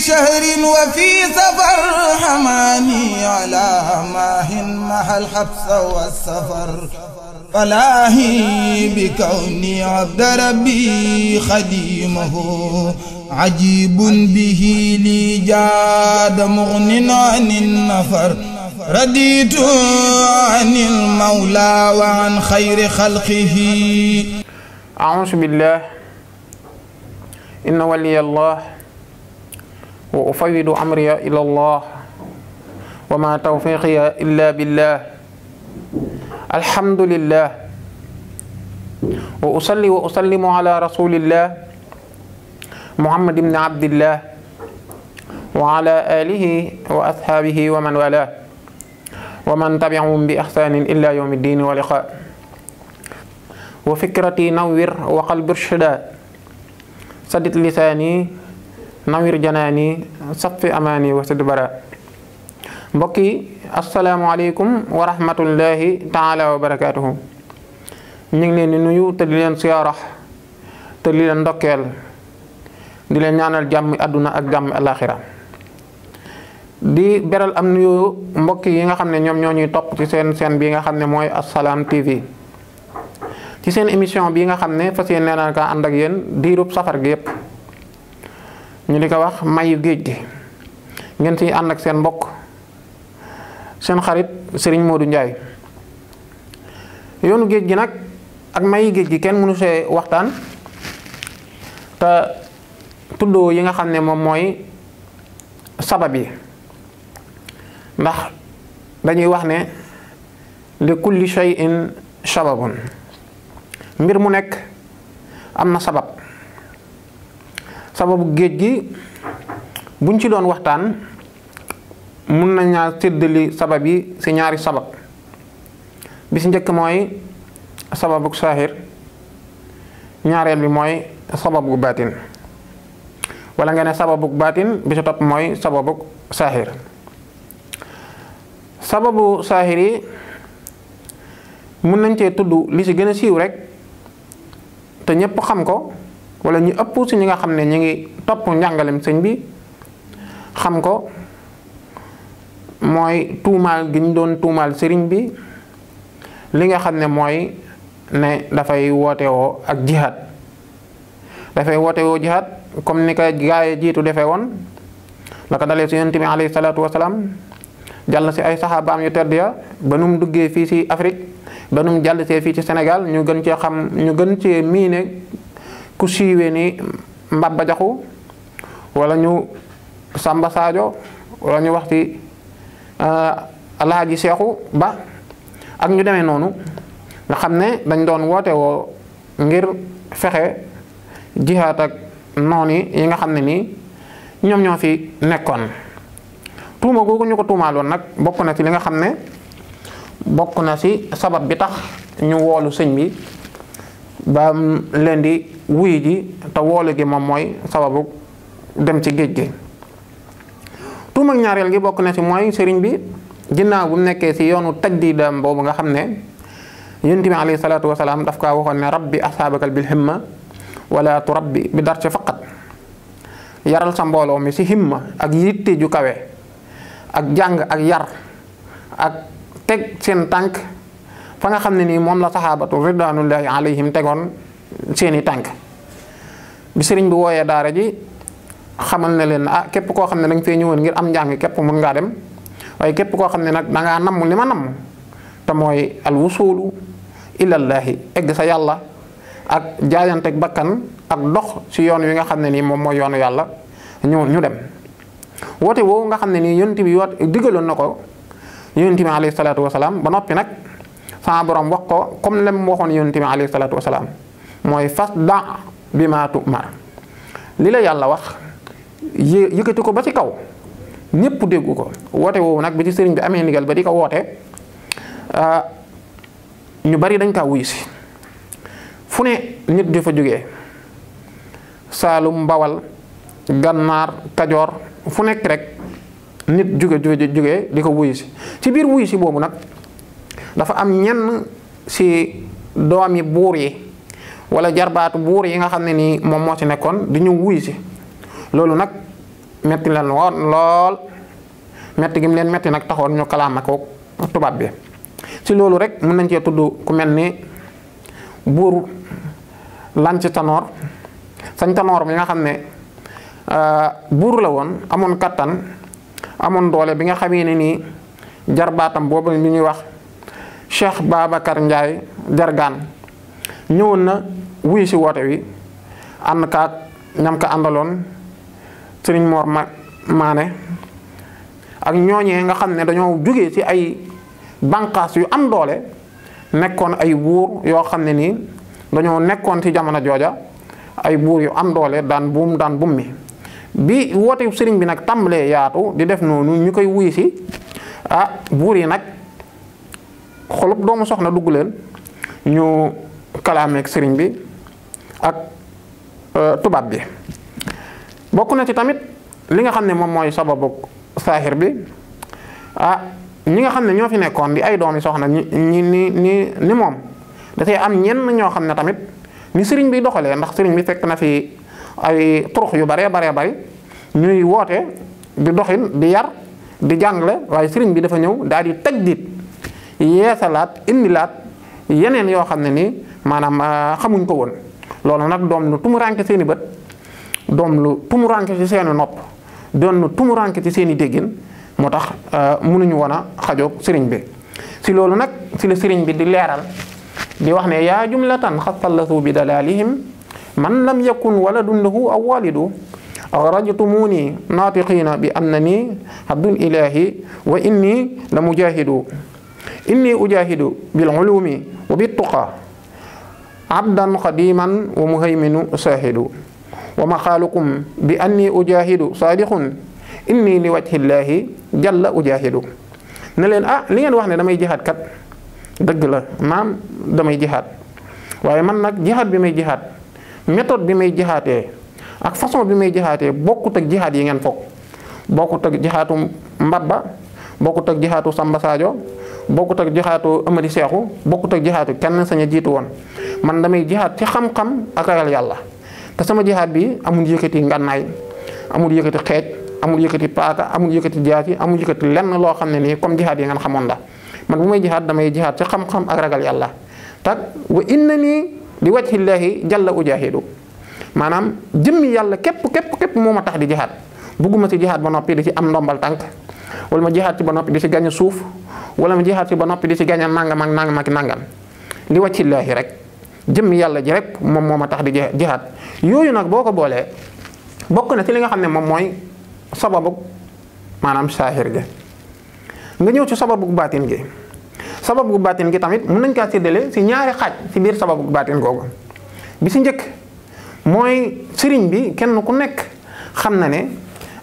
شهر وفي سفر حماني على ماه مع الحبس والسفر فلاهي بكوني عبد ربي خديمه عجيب به لي جاد مغن عن النفر رديت عن المولى وعن خير خلقه أعوذ بالله إن ولي الله wa ufawidu amriya ila allah wa ma tawfiqiya illa billah alhamdulillah wa usalli wa usallimu ala rasulillah muhammad ibn abdillah wa ala alihi wa ashaabihi wa man wala wa man tabiahum bi ihsanin ila yawmi ddin wa liqa wa fikrati nawwir wa qalbi irshada sadid lisani nawir janaani sappi amaani wa sidbara mbokk yi asalaamualeykum wa rahmatullahi taala wa barakaatuhu ñu ngi leen di nuyu te leen siyaara te di leen ndokkeel di leen ñaanal jàmm àdduna ak jàmm alaxira di beral am nuyu mbokk yi nga xam ne ñoom ñoo ñuy topp ci seen seen bi nga xam ne mooy Assalaamy TV ci seen émission bii nga xam ne fas yéene naa kaa ànd ak yéen safar gi yëpp ñu ni ko wax mayu géej gi ngeen ciy ànd ak seen mbokk seen xarit Serigne Modou njaay yoonu géej gi nag ak mayu géej gi kenn mënu see waxtaan te tuddoo yi nga xam ne moom mooy sabab yi ndax dañuy wax ne li kulli shay'in sababun mbir mu nekk am na sabab sababu géej gi buñ ci doon waxtaan mun nañ naa séddali sabab yi ci ñaari sabab bi ci njëkk mooy sababu saahir ñaareel bi mooy sababu baatin walla nga ne sababu baatin bi ci topp mooy sababu saahir sababu saahir yi mun nañ cee tudd li ci gën a siiw rek te ñépp xam ko wala ñu ëpp si ñi nga xam ne ñu ngi topp njàngalem sëñ bi xam ko mooy tuumaal gi ñu doon tuumaal sëriñ bi li nga xam ne mooy ne dafay woote woo ak jihaad dafay woote woo jihaad comme ni ko gaaye jiitu defee woon la ko dalee si yonent bi salaatu wasalaam jàll si ay saxaabaam yu terd ya ba nu mu duggee fii si Afrique ba nu jàll see fii ci senegal ñu gën cee xam ñu gën cee miine ku siiwee ni Mbaba Jaxu wala ñu Samba Sadio wala ñu wax ci euh, Alaaji Seexu Ba ak ñu demee noonu nga xam ne dañ doon woote woo ngir fexe jihaat ak noon yi nga xam ne nii ñoom ñoo fi nekkoon tuuma googu ñu ko tuumaaloon nag bokk na ci li nga xam ne bokk na ci sabab bi tax ñu woolu sëñ bi ba leen di wuy ji te woolu gi moom mooy sababu dem ci géej gi tuuma ñaareel gi bokk na ci mooy sëriñ bi ginnaaw bu mu nekkee ci yoonu teg tajdiidam boobu nga xam ne yonent bi alayhi salaatu wasalaam daf kaa waxoon ne rabbi asaabakal bil himma wala tu rabbi bi dar ci faqat yaral sa mbooloo mi ci himma ak yitte ju kawe ak jàng ak yar ak teg seen tànk fa nga xam ne nii moom la saxaabatu ridwanullahi alayhim tegoon seeni tànk bi sëriñ bi wooyee daara ji xamal na leen ah képp koo xam ne danga fee ñëwoon ngir am njàng képp mën ngaa dem waaye képp koo xam ne nag dangaa namm li ma namm te mooy al wusulu ilallaahi egg sa yàlla ak jaayanteeg bakkan ak dox ci yoon wi nga xam ne nii moom mooy yoonu yàlla ñu ñu dem woote woowu nga xam ne nii yonent bi yoot digaloon na ko yonent bi alayhi salaatu wasalaam ba noppi nag sama borom wax ko comme lem waxoon yonent bi alayhi salaatu wasalaam mooy fas da bi maatu mar li la yàlla wax yë yëkkati ko ba ci kaw ñëpp déggu ko woote woowu nag bi ci sëriñ bi amee ndigal ba di ko woote ah, ñu bari dañ kaa wuyu si fu ne nit di fa jógee saalum mbawal gannaar kajoor fu nekk rek nit jóge jóge di ko wuyu si ci biir wuyu si boobu nag dafa am ñenn si doomi buur yi wala jarbaatu buur yi nga xam ne nii moom moo ci nekkoon di ñëw wuy si loolu nag metti leen woon lool metti gi leen metti nag taxoon ñu kalaama ko tubaab bi ci loolu rek mën nañ cee tudd ku mel ni buur lanc tanoor sañ tanoor mi nga xam ne euh, buur la woon amoon kattan amoon doole bi nga xamee ne nii jarbaatam boobu mi ñuy wax Cheikh baabakar njaay Jargaan ñëwoon na wuyu ci woote wi ànd kaak ñam ka àndaloon sëriñ Mor Maane ak ñooñee nga xam ne dañoo jógee ci ay banqaas yu am doole nekkoon ay buur yoo xam ne nii dañoo nekkoon ci jamono jooja ay buur yu am doole daan buum daan bum mi bi woote sëriñ bi nag tàmbalee yaatu di def noonu ñu koy wuyu si ah buur yi nag xolub doomu soxna dugg leen ñu kalaameeg sëriñ bi ak euh, tubaab bi bokk na ci tamit li nga xam ne moom mooy sababu saaxir bi ah ñi nga xam ne ñoo fi nekkoon di ay doomi soxna ñi ñi ni ni ni moom dafay am ñenn ñoo xam ne tamit ni sëriñ bi doxalee ndax sëriñ bi fekk na fi ay turux yu baree baree bari ñuy woote di doxin di yar di jàngale waaye sëriñ bi dafa ñëw daal di tajdiit yeesalaat indilaat yeneen yoo xam ne nii maanaam euh, xamuñ ko woon loolu nag doom lu tumuranke seen i bët doom lu tumuranke ci seen i nopp doon lu tumuranke ci seen i déggin moo tax euh, mënuñu woon a xajoog sëriñ bi si loolu nag si la sëriñ bi di leeral di wax ne yaa jumlatan xasallasu bi dalalihim man lam yakun waladun lahu aw walidu axrajtumuni naatiqina bi annani abdul ilahi wa inni la mujahidu inni ujahidu bil ulumi wa bit tuqa abdan qadiman wa muhayminu saahidu wa maqaalukum bi ani ujaahidu saadixun inni li wajhillaahi jalla ujaahidu ne leen ah li ngeen wax ne damay jihaad kat dëgg la maam damay jihaad waaye man nag jihaad bi may jihaad métod bi may jihaatee ak façon bi may jihaatee bokkut ak jihaad yi ngeen foog bokkut ak jihaatu mbabba bokkut ak jihaatu Samba Sadio bokkut ak jihaatu Amady Seexu bokkut ak jihaatu kenn sañ a jiitu woon man damay jihaat ci xam-xam ak ragal yàlla te sama jihaat bi amul yëkkati ngànnaay amul yëkkati xeej amul yëkkati paata amul yëkkati jaasi amul yëkkati lenn loo xam ne nii comme jihaat yi ngeen xamoon la man bu may jihaat damay jihaat ci xam-xam ak ragal yàlla tak wa inna nii li wajhillaahi jalla ujahidu maanaam jëmmi yàlla képp képp képp moo ma tax di jihaat bugguma ci jihaat ba noppi di ci am ndombal tànk wala ma jihaat ci ba noppi di ci gañ suuf wala ma jihaat ci ba noppi di ci gañ nangam ak nangam ak nangam li wajhillaahi rek jëmm yàlla ji rek moom moo ma tax di jihaad yooyu nag boo ko boolee bokk na ci li nga xam ne moom mooy sababu maanaam saahir gi nga ñëw ci sababu baatin gi sababu baatin gi tamit mën nañ kaa séddale si ñaari xaaj ci biir sababu baatin googu bi si njëkk mooy sëriñ bi kenn ku nekk xam na ne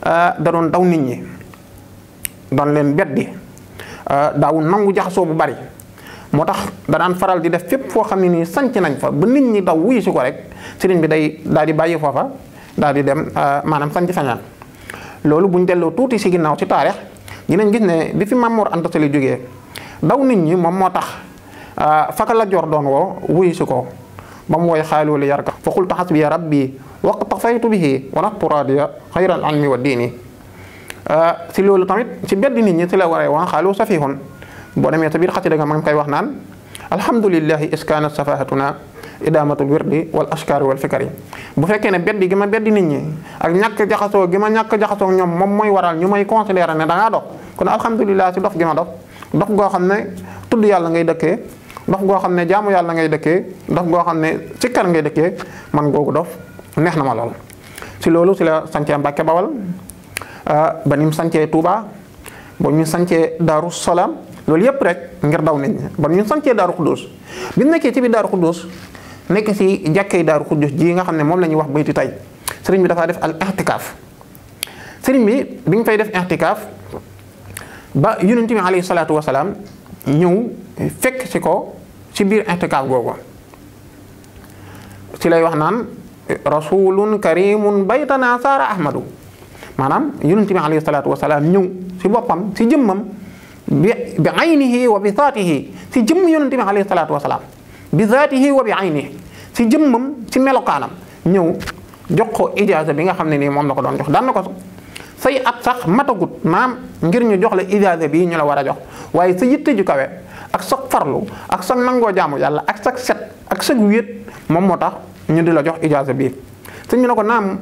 euh, da doon daw nit ñi doon leen beddi euh, daaw nangu jaxasoo bu bari moo tax danaan faral di def fépp foo xam ne nii sanc nañ fa ba nit ñi daw wuyu si ko rek sëriñ bi day daal di bàyyi foofa daal di dem euh, maanaam sanc sañaan loolu buñ delloo tuuti si ginnaaw si taarix dinañ gis ne bi fi Maam Mor Anta Sali jóge daw nit ñi moom moo tax euh, faka la jor doon woo wuyu si ko ba mu woy xaaliwulu wax fa qultu xasbiya rabbi waqtafaytu bihi walaxtu radiya xayral ilmi wa diini euh, si loolu tamit si bedd nit ñi si la waree waan xaaliwu boo demee ta biir xasida nga ma ngi koy wax naan alhamdulillahi iskaana safahatuna idaamatul wirdi wal ashkaari wal fikari bu fekkee ne beddi gi ma beddi nit ñi ak ñàkk jaxasoo gi ma ñàkk jaxasoo ñoom moom mooy waral ñu may considéré ne da ngaa dof kon alhamdulilah si dof gi dof dof goo xam ne tudd yàlla ngay dëkkee dof goo xam ne jaamu yàlla ngay dëkkee dof goo xam ne sikkar ngay dëkkee man googu dof neex na ma lool si loolu si la sancee Mbàkke Bawal ah, ba ni mu sancee Tuuba ba ñu sancee Daaru Salaam loolu yëpp rek ngir daw nit ñi ba ñun sancee daaru xuddoos bi mu nekkee ci biir daaru xuddoos nekk ci jàkkee daaru xuddoos ji nga xam ne moom la ñuy wax bayti tay sëriñ bi dafaa def al i'tikaaf sëriñ bi bi nga fay def i'tikaaf ba yonent bi alayhi salaatu wa ñëw fekk ci ko ci biir i'tikaaf googu ci lay wax naan rasulun karimun baytana saara ahmadu maanaam yonent bi salaatu wa ñëw ci boppam ci jëmmam. bi bi aynihi wa bi zaatihi si jëmm yonent bi alayhi salaatu wa salaam bi zaatihi wa bi aynihi si jëmmam si melokaanam ñëw jox ko ijaaza bi nga xam ne nii moom la ko doon jox daan na ko say at sax matagut maam ngir ñu jox la ijaaza bii ñu la war a jox waaye sa ju kawe ak sa farlu ak sa nangoo jaamu yàlla ak sa set ak sa wéet moom moo tax ñu di la jox ijaaza bii. sëñ ne ko naam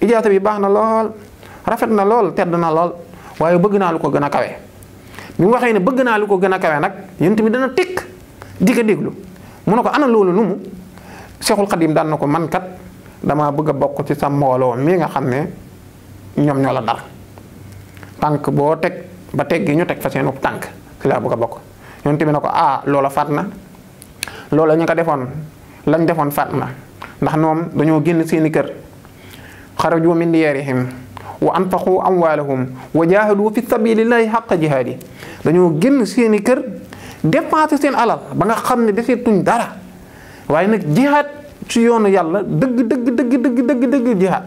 ijaaza bi baax na lool rafet na lool tedd na lool waaye bëgg naa lu ko gën a kawe. bi mu waxee ne bëgg naa lu ko gën a kawe nag yéen tamit dana tekk di ko mu ne ko ana loolu nu mu Seexul Xadim daan na ko man kat damaa bëgg a bokk ci sa mbooloo mii nga xam ne ñoom ñoo la dal tànk boo teg ba teg gi ñu teg fa seenu tànk ci laa bëgg a bokk yéen tamit ne ko ah loola faat na loola ñu ko defoon lañ defoon faat na ndax noom dañoo génn seeni kër xaraju min diyaarihim wa anfaqu amwaalahum wa jaahadu fi sabilillahi xaqa jihaadi dañoo génn seeni kër dépenser seen alal ba nga xam ne deseetuñ dara waaye nag jihaat ci yoonu yàlla dëgg dëgg dëgg dëgg dëgg dëgg jihaat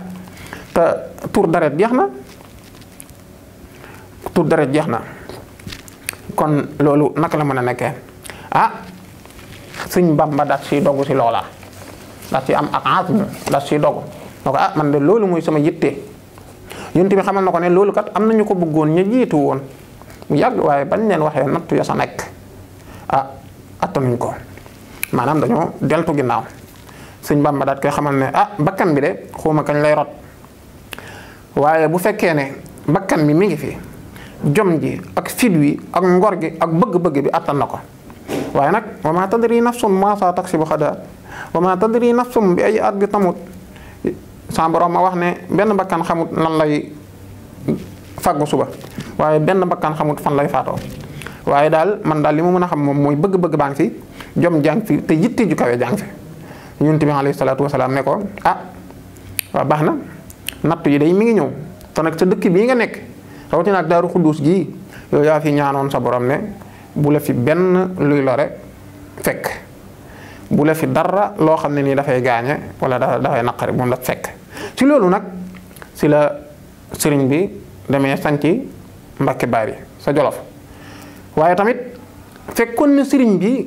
te tur deret jeex na tur deret jeex na kon loolu naka la mën a nekkee ah sëñ Bamba daat siy dogu si loola daat si am ak azm daat siy dogu ko ah man de loolu mooy sama yitte yonent bi xamal na ko ne loolu kat am nañu ko bëggoon ña jiitu woon mu yàgg waaye bañ leen waxee nattu ya sa nekk ah attanuñ ko maanaam dañoo deltu ginnaaw sëñ ma daat koy xamal ne ah bakkan bi de xuma kañ lay rot waaye bu fekkee ne bakkan bi mu ngi fi jom ji ak fit wi ak ngor gi ak bëgg-bëgg bi attan na ko waaye nag wa ma tadri nafsum maa saa taksibu xadaa wa ma tadri nafsum bi ay at bi tamut sa borom ma wax ne benn bakkan xamut lan lay fàggu suba waaye benn bakkan xamut fan lay faatoo waaye daal man daal li ma mën a xam moom mooy bëgg-bëgg baa ngi fi jom jàng fi te yitte ju kawe jàng fi ñun tamit alayhi salaatu wasalaam ne ko ah waaw baax na natt yi day mi ngi ñëw te nag sa dëkk bii nga nekk rawatina ak daaru xudduus gii yow yaa fi ñaanoon sa boroom ne bu la fi benn luy lore fekk bu la fi dara loo xam ne nii dafay gaañe wala dafay naqari bu mu la fekk ci loolu nag si la sëriñ bi. demee sanci Mbàkke Baari sa Jolof waaye tamit fekkoon na sëriñ bi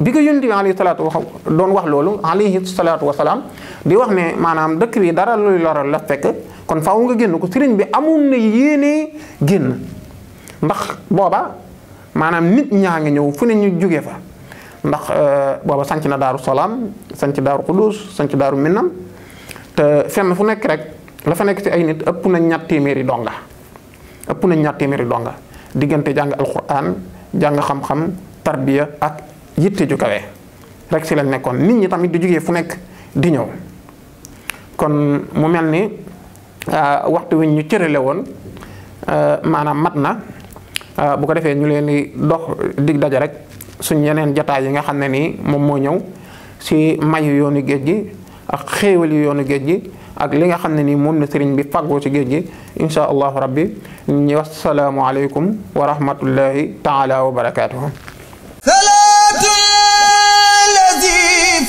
bi ko yónni bi alayhi salaatu wax doon wax loolu alayhi salaatu wasalaam di wax ne maanaam dëkk bi dara luy loral la fekk kon faaw nga génn ko sëriñ bi amoon na yéene génn ndax booba maanaam nit ñaa ngi ñëw fu ne ñu jóge fa ndax euh, booba sanc na daaru salaam sanc daaru Qudus sanc daaru Minnam te fenn fu nekk rek la fa nekk ci ay nit ëpp na ñatt téeméeri donga ëpp nañ ñaar téeméeri donga diggante jàng alquran jàng xam-xam tarbiya ak yitte ju kawe rek si lañ nekkoon nit ñi tamit di jóge fu nekk di ñëw kon mu mel ni ah, waxtu wi ñu cërale woon ah, maanaam mat na ah, bu ko defee ñu leen di dox dig daje rek suñ yeneen jataay yi nga xam ne nii moom moo ñëw si mayu yoonu géej gi ak xéewal yu yoonu géej gi ak li nga xam ne nii moom la sëriñ bi fàggoo ci géej gi inchaa allahu rabbi ñu wassalaamu aleykum wa rahmatullahi taala wa barakaatuhu salaatu lazi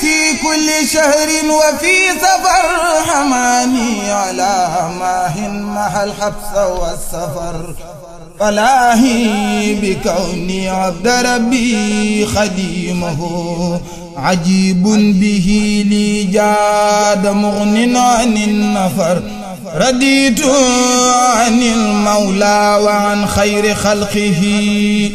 fi kulli shahrin wa fi safar hamani ala maahin mahal habsa wa safar falaahi bi kawni abd rabbi xadimahu ajibun bihi li jaada mugnin anin nafar raditu anil mawla wa an xayri xalqihi